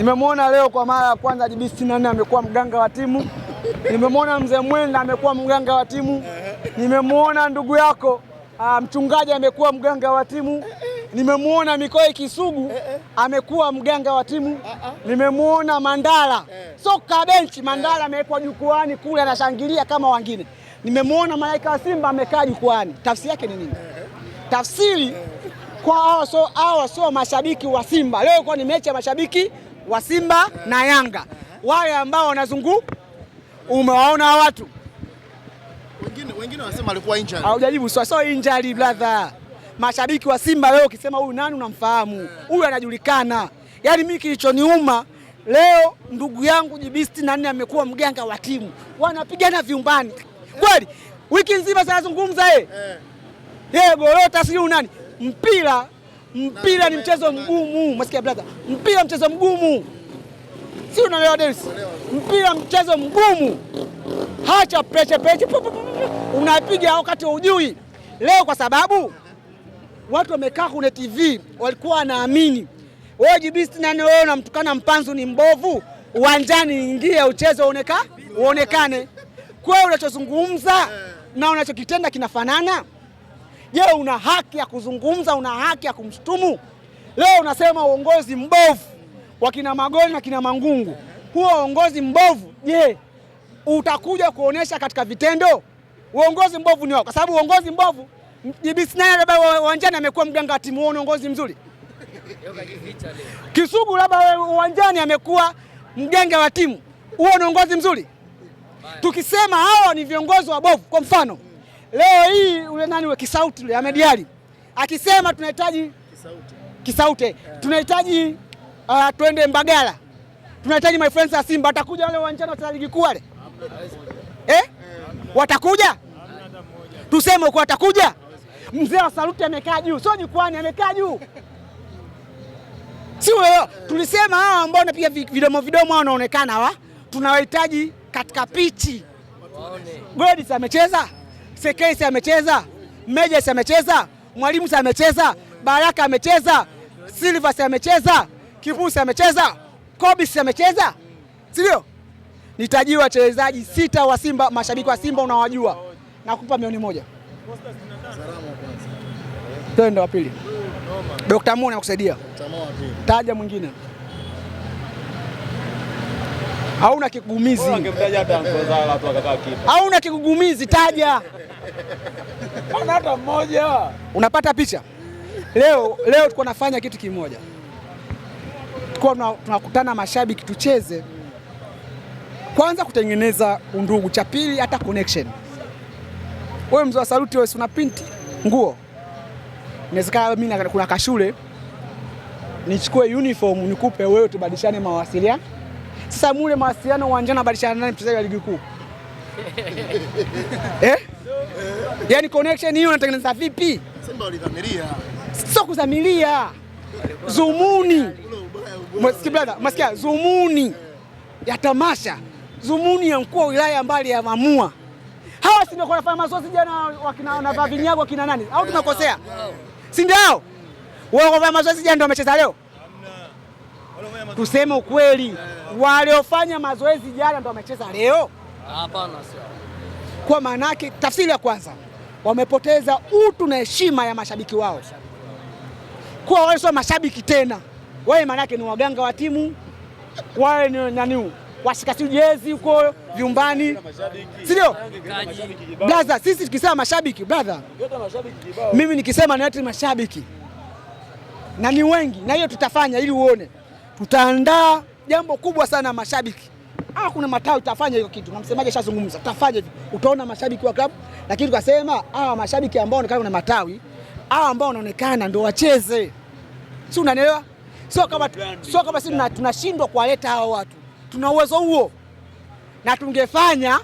Nimemwona leo kwa mara ya kwanza DB 64 amekuwa mganga wa timu. Nimemwona mzee Mwenda amekuwa mganga wa timu. Nimemwona ndugu yako ah, mchungaji amekuwa mganga wa timu. Nimemwona Mikoi Kisugu amekuwa mganga wa timu. Nimemwona Mandala soka benchi, Mandala amewekwa jukwani kule anashangilia kama wengine. Nimemwona malaika wa Simba amekaa jukwani. Tafsiri yake ni nini? Tafsiri kwa hao so, hao sio mashabiki wa Simba. Leo kwa ni mechi ya mashabiki wa Simba na Yanga, wale ambao wanazungu umewaona watu wengine, wengine wanasema alikuwa injury. Haujajibu swali, so injury brother. Mashabiki wa Simba leo ukisema huyu nani unamfahamu huyu anajulikana. Yaani mimi kilichoniuma leo ndugu yangu Jibisti na amekuwa mganga wa timu, wanapigana vyumbani kweli, wiki nzima zinazungumza yeye eh. yeye Golota siyo nani mpira Mpira ni mchezo mgumu, masikia brother, mpira mchezo mgumu, si unaelewa Dennis? Mpira mchezo mgumu, hacha presha presha, unapiga wakati wa ujui leo, kwa sababu watu wamekaa kwenye TV walikuwa wanaamini wewe jibisti nani wewe, unamtukana mpanzu ni mbovu, uwanjani ingia uchezo uoneka, uonekane. Kwa unachozungumza na unachokitenda kinafanana. Je, una haki ya kuzungumza? Una haki ya kumshutumu? Leo unasema uongozi mbovu wa kina Magoli na kina Mangungu, huo uongozi mbovu je, utakuja kuonesha katika vitendo? Uongozi mbovu ni wao, kwa sababu uongozi mbovu labda uwanjani amekuwa mganga wa timu, uongozi mzuri Kisugu labda uwanjani amekuwa mganga wa timu, huo uongozi mzuri. Tukisema hawa ni viongozi wabovu, kwa mfano Leo hii ule nani wa kisauti ule Ahmed Ally akisema tunahitaji kisauti kisauti. Yeah. tunahitaji uh, twende Mbagala tunahitaji my friends ya Simba watakuja wale wanjana wa ligi kuu wale eh? eh? watakuja tuseme kwa watakuja. Mzee wa Saluti amekaa juu, sio jukwani, amekaa juu si wewe. Tulisema hawa ambao wanapiga vidomo vidomo wanaonekana wa tunawahitaji katika pichi. Godis amecheza Sekesi amecheza, Mejes amecheza, Mwalimu amecheza, Baraka amecheza, Silvas amecheza, Kibusi amecheza, Kobisi amecheza, si ndio? Nitajia wachezaji sita wa Simba, mashabiki wa Simba unawajua, nakupa milioni moja. Twende wa pili. Dr. Moon amekusaidia. Taja mwingine hauna kigugumizi, hauna kigugumizi, taja hata mmoja. Unapata picha? Leo leo tulikuwa nafanya kitu kimoja, tulikuwa tunakutana mashabiki tucheze kwanza kutengeneza undugu, cha pili hata connection. Wewe mzoa wa Saluti, wewe una pinti nguo, inawezekana mimi kuna kashule nichukue uniform nikupe wewe, tubadilishane mawasiliano Samule mule mawasiliano uwanjani abadilishana nani mchezaji wa ligi kuu? Eh? Yaani connection hiyo unatengeneza vipi? Simba walidhamiria. Sio kudhamiria. Zumuni. Masikia brother, masikia zumuni ya tamasha, zumuni ya mkuu wa wilaya ya Mamua. Hawa si ndio wanafanya mazoezi jana wakina na vavinyago wakina nani? Au tunakosea? Si ndio? Wao wanafanya mazoezi jana ndio wamecheza leo. Tuseme ukweli, waliofanya mazoezi jana ndo wamecheza leo? Hapana, sio. Kwa yake, tafsiri ya kwanza, wamepoteza utu na heshima ya mashabiki wao, kuwa wale sio mashabiki tena, wale yake ni waganga wa timu, wale ni nani washikasi jezi huko vyumbani, si ndio? Blaza, sisi tukisema mashabiki bradha, mimi nikisema ni mashabiki na ni wengi, na hiyo tutafanya ili uone tutaandaa jambo kubwa sana mashabiki. Ah, kuna matawi tafanya hiyo kitu. Na msemaji ashazungumza. Tafanya hivi. Utaona mashabiki wa klabu lakini tukasema ah, mashabiki ambao wanaonekana kuna matawi ah, ambao wanaonekana ndio wacheze. Si unanielewa? Sio kama sio kama sisi tunashindwa kuwaleta hao watu. Tuna uwezo huo. Na tungefanya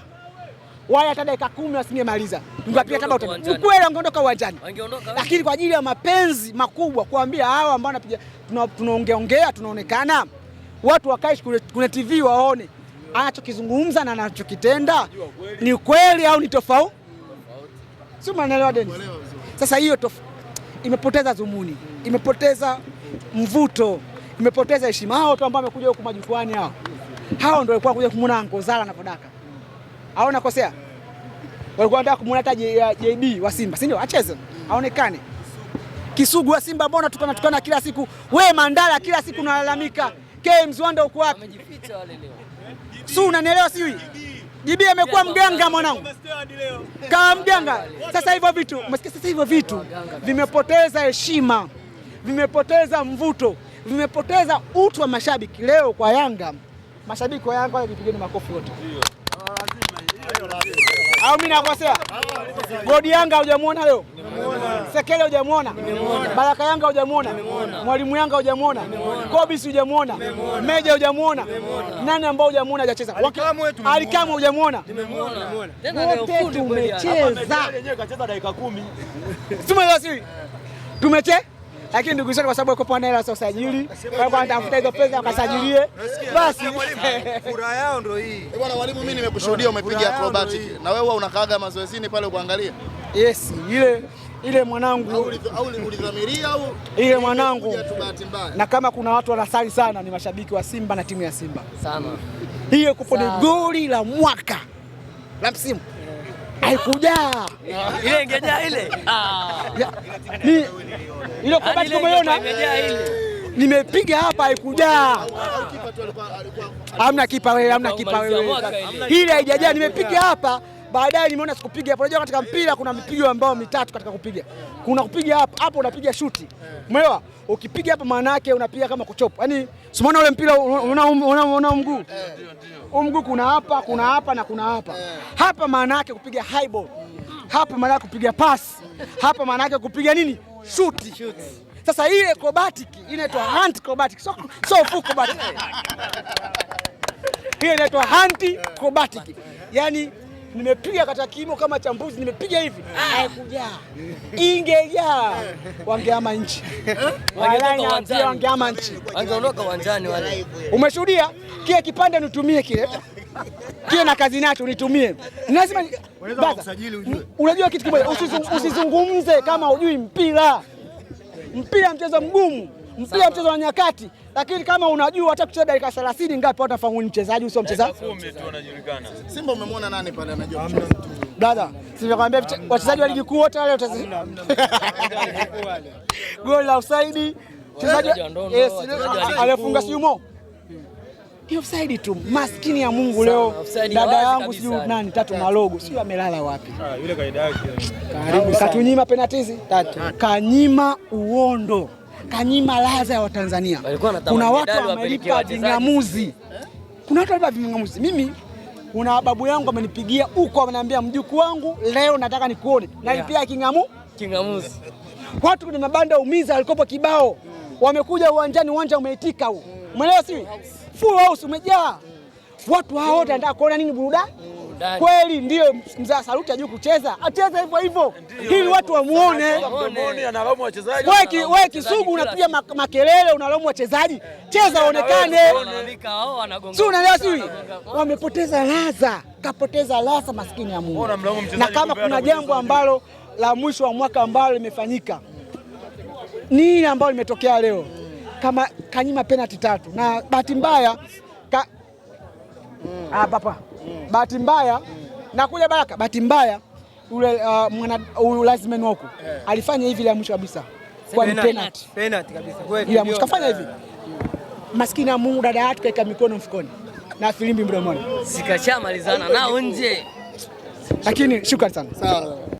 wala hata dakika kumi wasingemaliza, tungapiga taba utajiri. Ukweli wangeondoka uwanjani, lakini kwa ajili ya mapenzi makubwa kuambia hawa ambao wanapiga, tunaongeaongea, tunaonekana, watu wakae kuna TV waone anachokizungumza na anachokitenda ni kweli au ni tofauti, sio? Mnaelewa deni? Sasa hiyo imepoteza dhumuni, imepoteza mvuto, imepoteza heshima. Hao watu ambao wamekuja huku majukwani hao hao ndio walikuwa kuja kumuona Ankozala na Fadaka au nakosea? Walikuwa wanataka kumuona hata uh, wa Simba, si ndio? Acheze aonekane. Kisugu wa Simba mbona tukana tukana kila siku, we Mandala kila siku unalalamika, KMZ Wanda uko wapi? Si unanielewa? Sijui JB amekuwa mganga mwanangu, kama mganga sasa. Hivyo vitu umesikia, sasa hivyo vitu vimepoteza heshima, vimepoteza mvuto, vimepoteza utu wa mashabiki. Leo kwa Yanga, mashabiki wa Yanga wale, vipigeni makofi wote au mimi nakosea? Godi Yanga hujamwona leo? Sekele hujamwona? Baraka Yanga hujamwona? Mwalimu Yanga hujamwona? Kobis hujamwona? Meja hujamwona? Nani ambao hujamwona hajacheza? Alikamu hujamwona? Wote tumecheza. Tumecheza dakika 10. Tumecheza lakini ndugu zetu, kwa sababu alikuwa hana hela za usajili, anatafuta hizo pesa akasajilie. Basi furaha yao ndio hii eh, bwana. Walimu, mimi nimekushuhudia umepiga acrobatic, na wewe unakaaga mazoezini pale kuangalia? Yes, ile ile mwanangu, ile mwanangu, na kama kuna watu wanasali sana ni mashabiki wa Simba na timu ya Simba sana. Hiyo kupo ni goli la mwaka la msimu haikujaa ile ingejaa ile ah. ile kabati yaani kumeiona nimepiga hapa haikujaa. Hamna kipa wewe, hamna kipa wewe, ile haijajaa. Nimepiga hapa, baadaye nimeona sikupiga hapo. Unajua katika mpira kuna mipigo ambao mitatu katika kupiga unakupiga hapa hapo, unapiga shuti, umeelewa? Ukipiga hapa, maana yake unapiga kama kuchopa, Yani simuona ule mpira unaona mguu eh. huu mguu, kuna hapa, kuna hapa na kuna hapa. Eh. Hapa maana yake kupiga high ball, hapa maana yake kupiga pass, hapa maana yake kupiga nini, shuti. Sasa ile acrobatic inaitwa hand acrobatic, so so full acrobatic, hiyo inaitwa hand acrobatic, yani nimepiga kata kimo kama cha mbuzi, nimepiga hivi ah. haikujaa. Ingejaa wangeama nchi, wangeama nchi, wangeondoka uwanjani wale. Umeshuhudia kile kipande, nitumie kile kile na kazi nacho nitumie. Lazima unajua kitu kimoja, usizungumze kama ujui mpira. Mpira mchezo mgumu, mpira mchezo wa nyakati lakini kama unajua hata kucheza dakika 30 ngapi watu wafahamu mchezaji usio mchezaji. Simba umemwona nani pale anajua mchezaji? Dada, sivyokwambia wachezaji wa ligi kuu wote wale goli la offside mchezaji yes, alifunga si yumo. ni offside tu, maskini ya Mungu. Leo dada yangu si nani tatu malogo sijui amelala wapi, Ah, yule kaida yake. Karibu katunyima penalti tatu, kanyima uondo kanyima laza ya Watanzania. Kuna watu wamelipa ving'amuzi, eh? kuna watu wamelipa ving'amuzi. Mimi kuna babu yangu amenipigia huko, ameniambia mjukuu wangu, leo nataka nikuone, nalipia king'amu king'amuzi. Watu kwenye mabanda umiza walikopo kibao, wamekuja uwanjani, uwanja umeitika huu, umeelewa? Si full house umejaa watu hao, wote wanataka kuona nini? Burudani kweli ndiyo mzaa saruti ajui kucheza, acheze hivyo hivyo ili watu wamuone. Wewe Kisugu unapiga makelele, unalaumu wachezaji, cheza waonekane, si unaelewa? Si wamepoteza laza, kapoteza laza, maskini ya Mungu. Na kama kuna jambo ambalo la mwisho wa mwaka ambalo limefanyika nini, ambalo limetokea leo kama kanyima penalti tatu na bahati mbaya ka... mm. ah, papa Eh. bahati mbaya eh. na kuja Baraka, bahati mbaya ule uh, yule Ulazimeni yeah. alifanya hivi ile mwisho kabisa kwa penalty, penalty kabisa ile mwisho kafanya hivi, yeah. maskini ya Mungu, dada yake kaika mikono mfukoni na filimbi mdomoni, sikachamalizana nao nje, lakini shukrani sana. sawa.